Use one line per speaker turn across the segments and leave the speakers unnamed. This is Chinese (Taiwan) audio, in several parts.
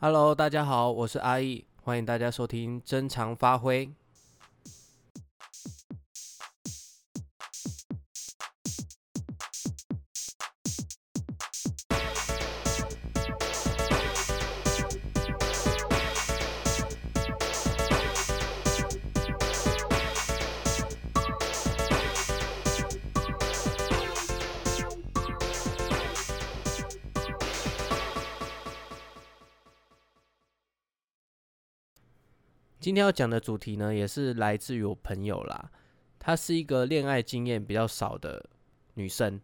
Hello，大家好，我是阿易，歡迎大家收聽《正常發揮》。今天要講的主題呢，也是來自於我朋友啦。她是一個戀愛經驗比較少的女生，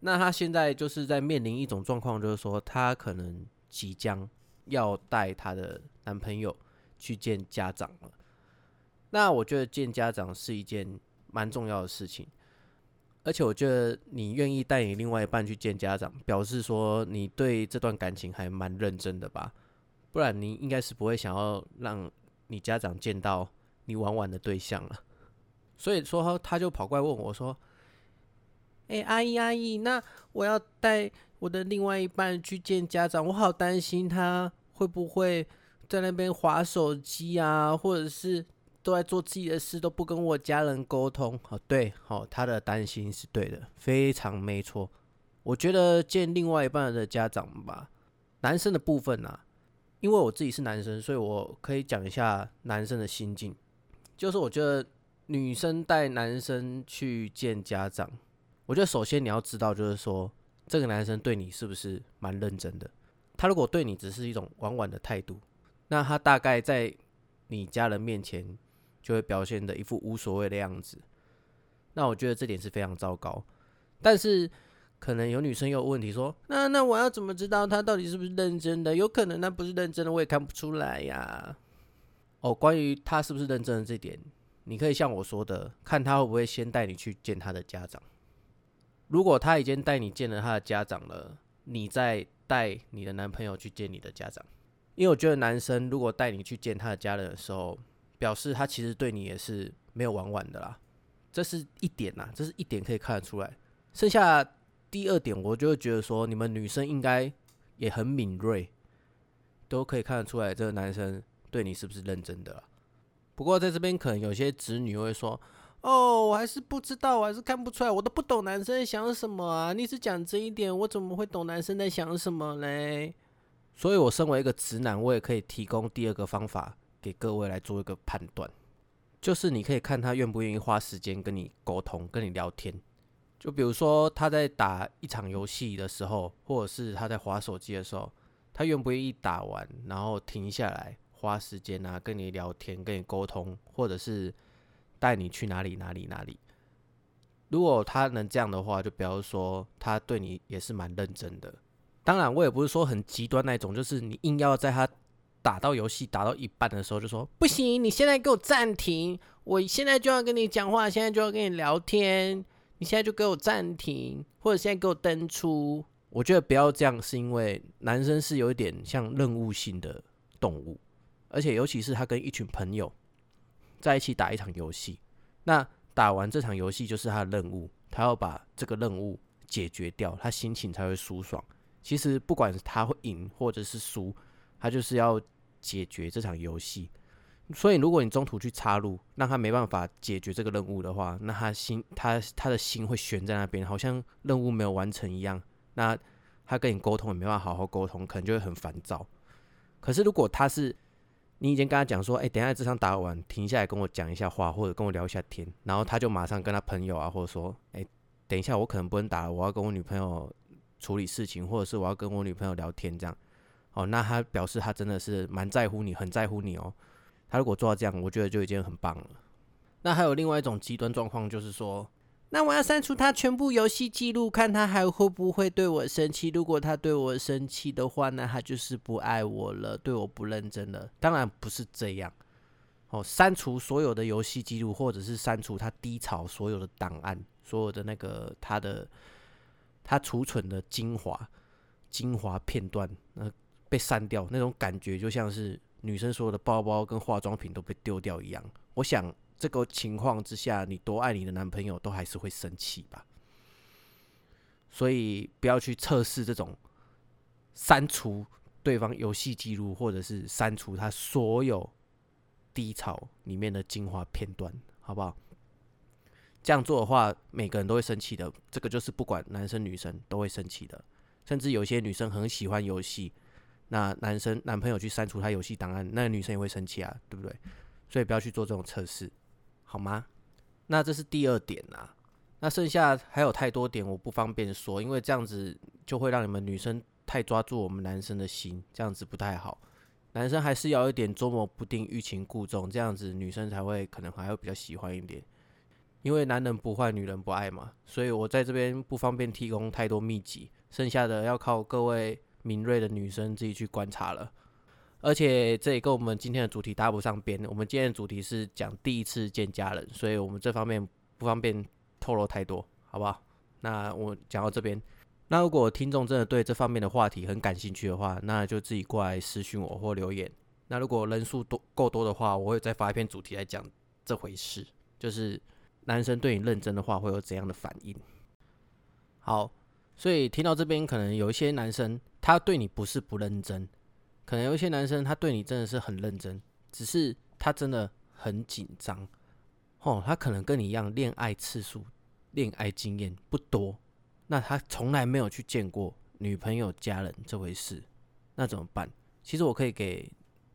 那她現在就是在面臨一種狀況，就是說她可能即將要帶她的男朋友去見家長了。那我覺得見家長是一件蠻重要的事情，而且我覺得你願意帶你另外一半去見家長，表示說你對這段感情還蠻認真的吧？不然你應該是不會想要讓你家長見到你玩玩的對象了，所以說他就跑過來問我說、欸：“哎，阿姨阿姨，那我要帶我的另外一半去見家長，我好擔心他會不會在那邊滑手機啊，或者是都在做自己的事，都不跟我家人溝通。哦”好，對，好、哦，他的擔心是對的，非常沒錯。我覺得見另外一半的家長吧，男生的部分啊因為我自己是男生，所以我可以講一下男生的心境。就是我覺得女生帶男生去見家長，我覺得首先你要知道，就是說這個男生對你是不是蠻認真的？他如果對你只是一種玩玩的態度，那他大概在你家人面前就會表現得一副無所謂的樣子。那我覺得這點是非常糟糕。但是可能有女生又有問題說，說那那我要怎麼知道他到底是不是認真的？有可能他不是認真的，我也看不出來呀、啊。哦，關於他是不是認真的這點，你可以像我說的，看他會不會先帶你去見他的家長。如果他已經帶你見了他的家長了，你再帶你的男朋友去見你的家長，因為我覺得男生如果帶你去見他的家人的時候，表示他其實對你也是沒有玩玩的啦，這是一點啦、啊，這是一點可以看得出來，剩下。第二點，我就覺得說，你們女生應該也很敏銳，都可以看得出來這個男生對你是不是認真的。不過在這邊，可能有些直女會說：“哦，我還是不知道，我還是看不出來，我都不懂男生在想什麼啊！”你只講這一點，我怎麼會懂男生在想什麼嘞？所以，我身為一個直男，我也可以提供第二個方法給各位來做一個判斷，就是你可以看他願不願意花時間跟你溝通、跟你聊天。就比如說，他在打一場遊戲的時候，或者是他在滑手機的時候，他願不願意打完，然後停下來花時間啊，跟你聊天，跟你溝通，或者是帶你去哪裡哪裡哪裡？如果他能這樣的話，就表示說他對你也是蠻認真的。當然，我也不是說很極端那一種，就是你硬要在他打到遊戲打到一半的時候就說不行，你現在給我暫停，我現在就要跟你講話，現在就要跟你聊天。你現在就給我暫停，或者現在給我登出。我覺得不要這樣，是因為男生是有一點像任務性的動物，而且尤其是他跟一群朋友在一起打一場遊戲，那打完這場遊戲就是他的任務，他要把這個任務解決掉，他心情才會舒爽。其實不管他會贏或者是輸，他就是要解決這場遊戲。所以，如果你中途去插入，讓他沒辦法解決這個任務的話，那他心他他的心會懸在那邊，好像任務沒有完成一樣。那他跟你溝通也沒辦法好好溝通，可能就會很煩躁。可是，如果他是你已經跟他講說，哎、欸，等一下這場打完，停下來跟我講一下話，或者跟我聊一下天，然後他就馬上跟他朋友啊，或者說，哎、欸，等一下我可能不能打了，我要跟我女朋友處理事情，或者是我要跟我女朋友聊天這樣。哦，那他表示他真的是蠻在乎你，很在乎你哦。他如果做到這樣，我覺得就已經很棒了。那還有另外一種極端狀況，就是說，那我要刪除他全部遊戲記錄，看他還會不會對我生氣。如果他對我生氣的話，那他就是不愛我了，對我不認真了。當然不是這樣。哦，刪除所有的遊戲記錄，或者是刪除他低潮所有的檔案，所有的那個他的他儲存的精華精華片段，那、呃、被刪掉那種感覺，就像是。女生所有的包包跟化妝品都被丟掉一樣，我想這個情況之下，你多愛你的男朋友都還是會生氣吧？所以不要去測試這種刪除對方遊戲記錄，或者是刪除他所有低潮裡面的精華片段，好不好？這樣做的話，每個人都會生氣的。這個就是不管男生女生都會生氣的，甚至有些女生很喜歡遊戲。那男生男朋友去刪除他遊戲檔案，那女生也會生氣啊，對不對？所以不要去做這種測試，好嗎？那這是第二點啊。那剩下還有太多點我不方便說，因為這樣子就會讓你們女生太抓住我們男生的心，這樣子不太好。男生還是要有一點捉摸不定、欲擒故縱，這樣子女生才會可能還會比較喜歡一點。因為男人不壞，女人不愛嘛。所以我在這邊不方便提供太多祕籍，剩下的要靠各位敏銳的女生自己去觀察了，而且這也跟我們今天的主題搭不上邊。我們今天的主題是講第一次見家人，所以我們這方面不方便透露太多，好不好？那我講到這邊，那如果聽眾真的對這方面的話題很感興趣的話，那就自己過來私訊我或留言。那如果人數多夠多的話，我會再發一篇主題來講這回事，就是男生對你認真的話會有怎樣的反應。好。所以聽到這邊，可能有一些男生他對你不是不認真，可能有一些男生他對你真的是很認真，只是他真的很緊張。哦，他可能跟你一樣，戀愛次數、戀愛經驗不多，那他從來沒有去見過女朋友家人這回事，那怎麼辦？其實我可以給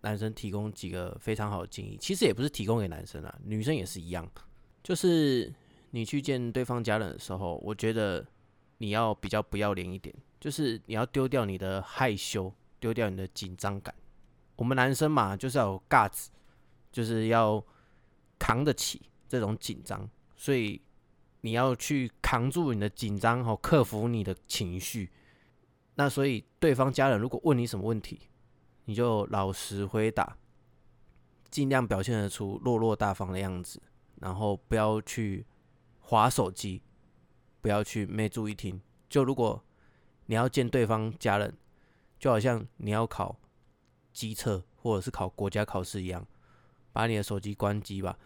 男生提供幾個非常好的建議，其實也不是提供給男生啊，女生也是一樣。就是你去見對方家人的時候，我覺得。你要比較不要臉一點，就是你要丟掉你的害羞，丟掉你的緊張感。我們男生嘛，就是要有 guts，就是要扛得起這種緊張，所以你要去扛住你的緊張和克服你的情緒。那所以對方家人如果問你什麼問題，你就老實回答，盡量表現得出落落大方的樣子，然後不要去滑手機。不要去沒注意聽。就如果你要見對方家人，就好像你要考機車或者是考國家考試一樣，把你的手機關機吧。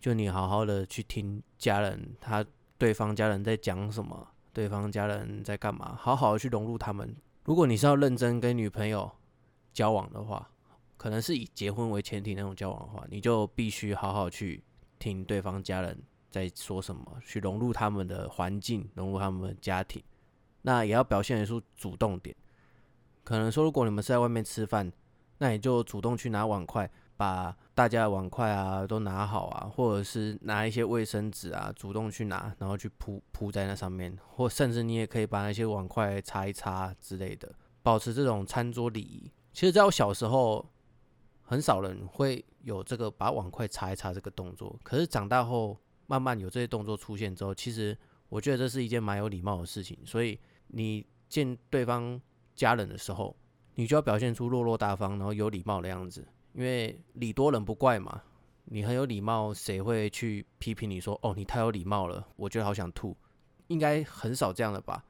就你好好的去聽家人，他對方家人在講什麼，對方家人在幹嘛，好好的去融入他們。如果你是要認真跟女朋友交往的話，可能是以結婚為前提那種交往的話，你就必須好好去聽對方家人在說什麼？去融入他們的環境，融入他們的家庭，那也要表現出主動點。可能說，如果你們是在外面吃飯，那你就主動去拿碗筷，把大家的碗筷啊都拿好啊，或者是拿一些衛生紙啊，主動去拿，然後去鋪鋪在那上面，或甚至你也可以把那些碗筷擦一擦之類的，保持這種餐桌禮儀。其實在我小時候，很少人會有這個把碗筷擦一擦這個動作，可是長大後。慢慢有這些動作出現之後，其實我覺得這是一件蠻有禮貌的事情。所以你見對方家人的時候，你就要表現出落落大方，然後有禮貌的樣子。因為禮多人不怪嘛，你很有禮貌，誰會去批評你說哦，你太有禮貌了，我覺得好想吐？應該很少這樣的吧。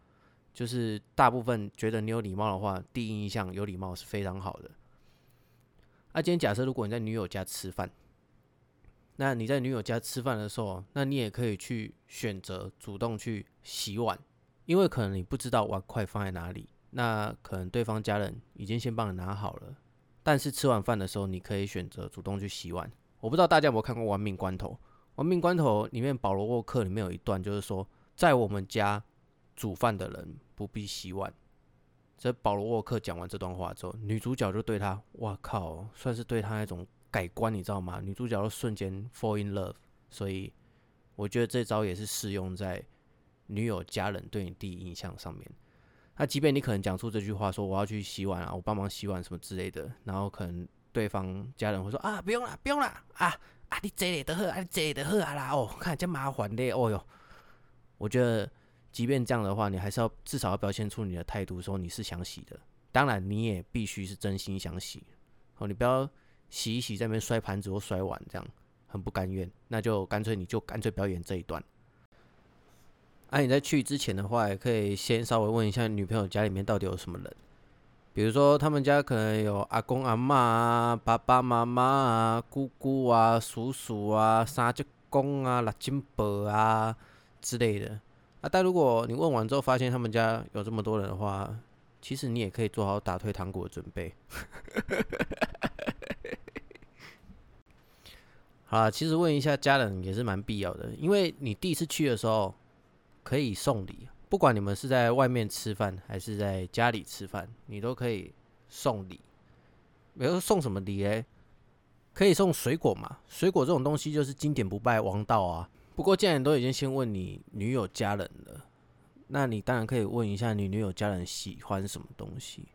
就是大部分覺得你有禮貌的話，第一印象有禮貌是非常好的。那、啊、今天假設如果你在女友家吃飯。那你在女友家吃飯的時候，那你也可以去選擇主動去洗碗，因為可能你不知道碗筷放在哪裡，那可能對方家人已經先幫你拿好了。但是吃完飯的時候，你可以選擇主動去洗碗。我不知道大家有沒有看過《玩命關頭》，《玩命關頭》裡面保羅沃克裡面有一段，就是說在我們家煮飯的人不必洗碗。這保羅沃克講完這段話之後，女主角就對他，哇靠，算是對他那種。改觀，你知道嗎？女主角都瞬間 fall in love，所以我覺得這招也是適用在女友家人對你第一印象上面。那即便你可能講出這句話，說我要去洗碗啊，我幫忙洗碗什麼之類的，然後可能對方家人會說啊，不用了，不用了，啊啊，你坐著就好，啊坐著就好啊啦，哦，看這麼麻煩的，哦、哎、喲。我覺得即便這樣的話，你還是要至少要表現出你的態度，說你是想洗的。當然，你也必須是真心想洗哦，你不要。洗一洗，在那邊摔盤子或摔碗，這樣很不甘願。那就乾脆你就乾脆表演這一段。啊，你在去之前的話，也可以先稍微問一下女朋友家裡面到底有什麼人，比如說他們家可能有阿公阿媽、爸爸媽媽啊、姑姑啊、叔叔啊、三叔公啊、六嬸婆啊之類的。啊，但如果你問完之後發現他們家有這麼多人的話，其實你也可以做好打退堂鼓的準備。 啊，其實問一下家人也是蠻必要的，因為你第一次去的時候可以送禮，不管你們是在外面吃飯還是在家裡吃飯，你都可以送禮。比如說送什麼禮呢？可以送水果嘛，水果這種東西就是經典不敗王道啊。不過既然都已經先問你女友家人了，那你當然可以問一下你女友家人喜歡什麼東西，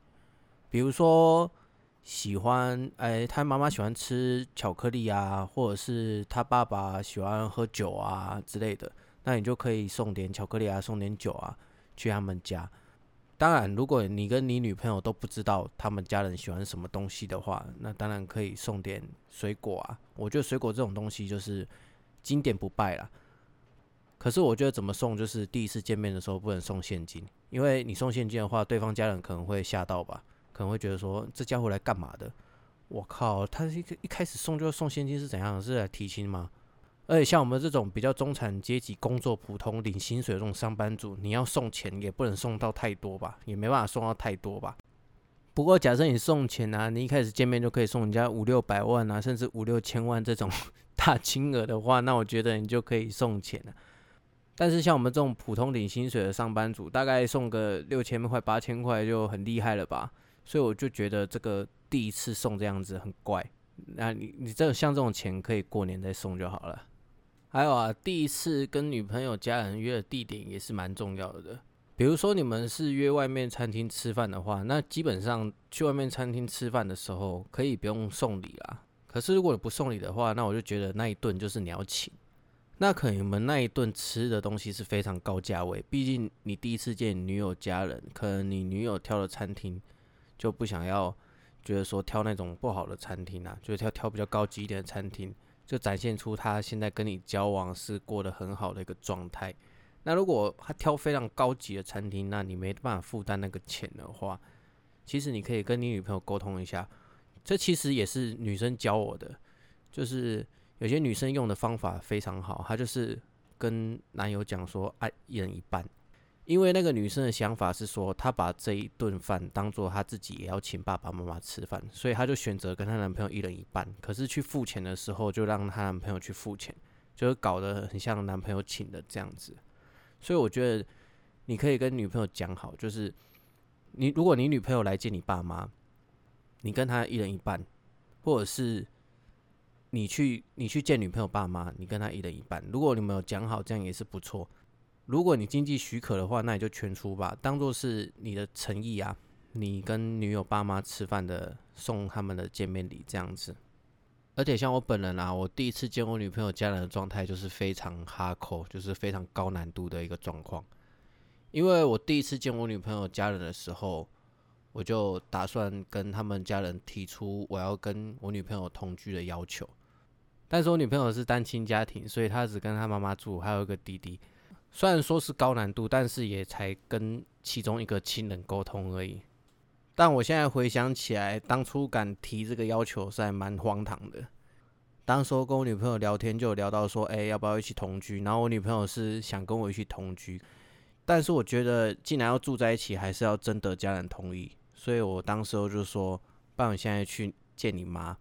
比如說。喜歡，哎，他媽媽喜歡吃巧克力啊，或者是他爸爸喜歡喝酒啊之類的，那你就可以送點巧克力啊，送點酒啊，去他們家。當然，如果你跟你女朋友都不知道他們家人喜歡什麼東西的話，那當然可以送點水果啊。我覺得水果這種東西就是經典不敗啦。可是我覺得怎麼送，就是第一次見面的時候不能送現金，因為你送現金的話，對方家人可能會嚇到吧。可能會覺得說，這家伙來幹嘛的？我靠，他一一開始送就送現金是怎樣？是來提親嗎？而且像我們這種比較中產階級、工作普通、領薪水的這種上班族，你要送錢也不能送到太多吧，也沒辦法送到太多吧。不過假設你送錢啊，你一開始見面就可以送人家五六百萬啊，甚至五六千萬這種大金額的話，那我覺得你就可以送錢了。但是像我們這種普通領薪水的上班族，大概送個六千塊、八千塊就很厲害了吧？所以我就覺得這個第一次送這樣子很怪。那你你這像這種錢可以過年再送就好了。還有啊，第一次跟女朋友家人約的地點也是蠻重要的。比如說你們是約外面餐廳吃飯的話，那基本上去外面餐廳吃飯的時候可以不用送禮啊。可是如果你不送禮的話，那我就覺得那一頓就是你要請。那可能你們那一頓吃的東西是非常高價位，畢竟你第一次見女友家人，可能你女友挑的餐廳。就不想要覺得說挑那種不好的餐廳啊，就是挑挑比較高級一點的餐廳，就展現出他現在跟你交往是過得很好的一個狀態。那如果他挑非常高級的餐廳，那你沒辦法負擔那個錢的話，其實你可以跟你女朋友溝通一下。這其實也是女生教我的，就是有些女生用的方法非常好，她就是跟男友講說，哎，一人一半。因為那個女生的想法是說，她把這一頓飯當做她自己也要請爸爸媽媽吃飯，所以她就選擇跟她男朋友一人一半。可是去付錢的時候，就讓她男朋友去付錢，就是搞得很像男朋友請的這樣子。所以我覺得你可以跟女朋友講好，就是你如果你女朋友來見你爸媽，你跟她一人一半；或者是你去你去見女朋友爸媽，你跟她一人一半。如果你沒有講好，這樣也是不錯。如果你經濟許可的話，那你就全出吧，當做是你的誠意啊。你跟女友爸媽吃飯的，送他們的見面禮這樣子。而且像我本人啊，我第一次見我女朋友家人的狀態就是非常 hardcore，就是非常高難度的一個狀況。因為我第一次見我女朋友家人的時候，我就打算跟他們家人提出我要跟我女朋友同居的要求。但是我女朋友是單親家庭，所以她只跟她媽媽住，還有一個弟弟。雖然說是高難度，但是也才跟其中一個親人溝通而已。但我現在回想起來，當初敢提這個要求，是還蠻荒唐的。當時候跟我女朋友聊天，就有聊到說，哎、欸，要不要一起同居？然後我女朋友是想跟我一起同居，但是我覺得，既然要住在一起，還是要徵得家人同意。所以我當時候就說，爸，你現在去見你媽，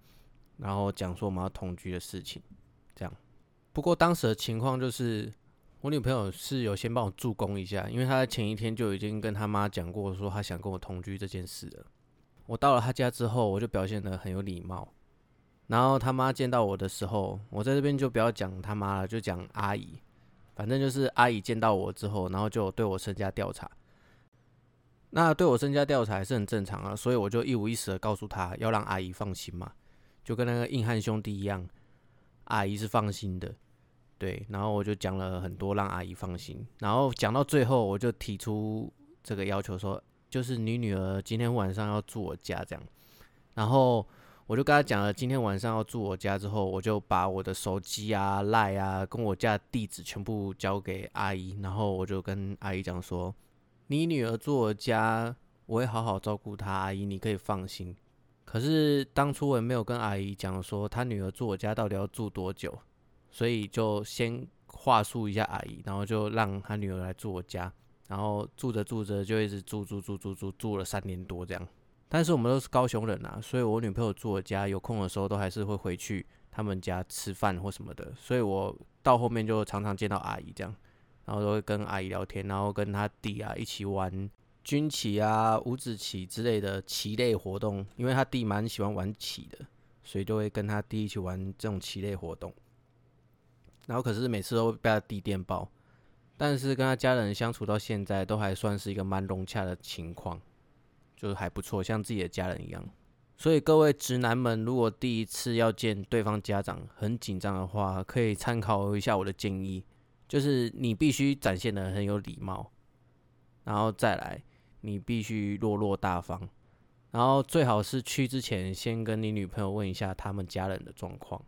然後講說我們要同居的事情。這樣。不過當時的情況就是。我女朋友是有先幫我助攻一下，因為她在前一天就已經跟她媽講過，說她想跟我同居這件事了。我到了她家之後，我就表現得很有禮貌。然後她媽見到我的時候，我在這邊就不要講她媽了，就講阿姨。反正就是阿姨見到我之後，然後就對我身家調查。那對我身家調查還是很正常啊，所以我就一五一十的告訴她，要讓阿姨放心嘛，就跟那個硬漢兄弟一樣，阿姨是放心的。對，然後我就講了很多讓阿姨放心，然後講到最後我就提出這個要求說，就是你女兒今天晚上要住我家這樣，然後我就跟她講了今天晚上要住我家之後，我就把我的手機啊、賴啊跟我家的地址全部交給阿姨，然後我就跟阿姨講說，你女兒住我家，我會好好照顧她，阿姨你可以放心。可是當初我也沒有跟阿姨講說，她女兒住我家到底要住多久。所以就先話述一下阿姨，然後就讓她女兒來住我家，然後住着住着就一直住住住住住住，住了三年多這樣。但是我們都是高雄人啊，所以我女朋友住我家，有空的時候都還是會回去他們家吃飯或什麼的。所以我到後面就常常見到阿姨這樣，然後都會跟阿姨聊天，然後跟她弟啊一起玩軍棋啊、五子棋之類的棋類活動，因為他弟蠻喜歡玩棋的，所以就會跟他弟一起玩這種棋類活動。然後可是每次都被他弟電爆，但是跟他家人相處到現在都還算是一個蠻融洽的情況，就是還不錯，像自己的家人一樣。所以各位直男們，如果第一次要見對方家長很緊張的話，可以參考一下我的建議，就是你必須展現得很有禮貌，然後再來，你必須落落大方，然後最好是去之前先跟你女朋友問一下他們家人的狀況。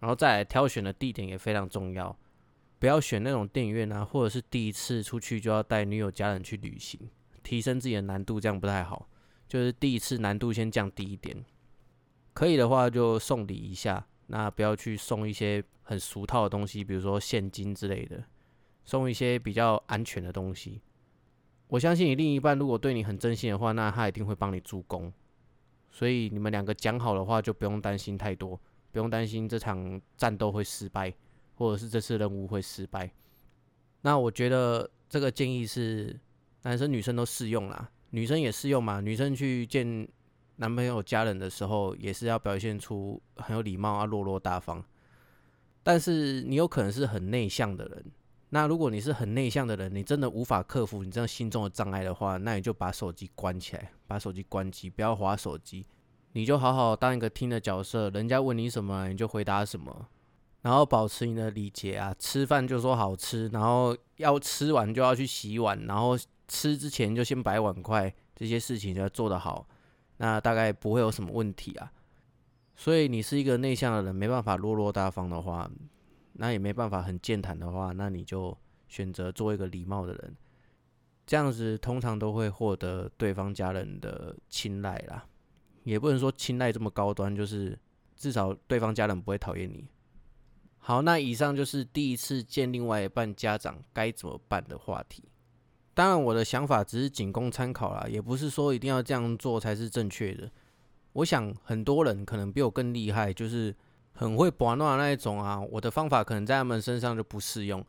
然後再來，挑選的地點也非常重要，不要選那種電影院啊，或者是第一次出去就要帶女友家人去旅行，提升，自己的難度這樣不太好。就是第一次難度先降低一點，可以的話就送禮一下，那不要去送一些很俗套的東西，比如說現金之類的，送一些比較安全的東西。我相信你另一半如果對你很真心的話，那他一定會幫你助攻，所以你們兩個講好的話就不用擔心太多。不用擔心這場戰鬥會失敗，或者是這次任務會失敗。那我覺得這個建議是男生女生都適用啦，女生也適用嘛。女生去見男朋友家人的時候，也是要表現出很有禮貌啊，落落大方。但是你有可能是很內向的人，那如果你是很內向的人，你真的無法克服你這樣心中的障礙的話，那你就把手機關起來，把手機關機，不要滑手機。你就好好當一個聽的角色，人家問你什麼你就回答什麼，然後保持你的禮節啊。吃飯就說好吃，然後要吃完就要去洗碗，然後吃之前就先擺碗筷，這些事情就要做得好，那大概不會有什麼問題啊。所以你是一個內向的人，沒辦法落落大方的話，那也沒辦法很健談的話，那你就選擇做一個禮貌的人，這樣子通常都會獲得對方家人的青睞啦。也不能說青睞這麼高端，就是至少對方家人不會討厭你。好，那以上就是第一次見另外一半家長該怎麼辦的話題。當然，我的想法只是僅供參考啦，也不是說一定要這樣做才是正確的。我想很多人可能比我更厲害，就是很會玩弄的那一種啊。我的方法可能在他們身上就不適用。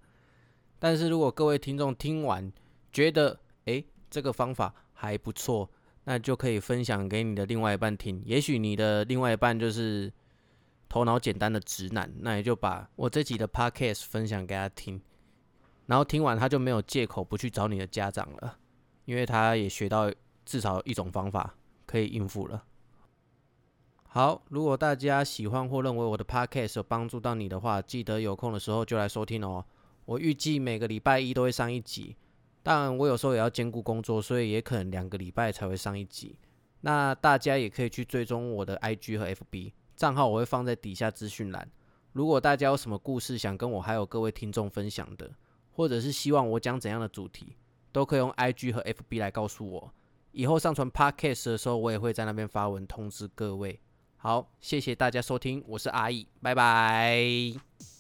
但是如果各位聽眾聽完，覺得誒，這個方法還不錯。那就可以分享給你的另外一半聽，也許你的另外一半就是頭腦簡單的直男，那也就把我這集的 podcast 分享給他聽，然後聽完他就沒有借口不去找你的家長了，因為他也學到至少一種方法可以應付了。好，如果大家喜歡或認為我的 podcast 有幫助到你的話，記得有空的時候就來收聽哦。我預計每個禮拜一都會上一集。當然，我有時候也要兼顧工作，所以也可能兩個禮拜才會上一集。那大家也可以去追蹤我的 IG 和 FB 賬號，我會放在底下資訊欄。如果大家有什麼故事想跟我還有各位聽眾分享的，或者是希望我講怎樣的主題，都可以用 IG 和 FB 來告訴我。以後上傳 Podcast 的時候，我也會在那邊發文通知各位。好，謝謝大家收聽，我是阿易，拜拜。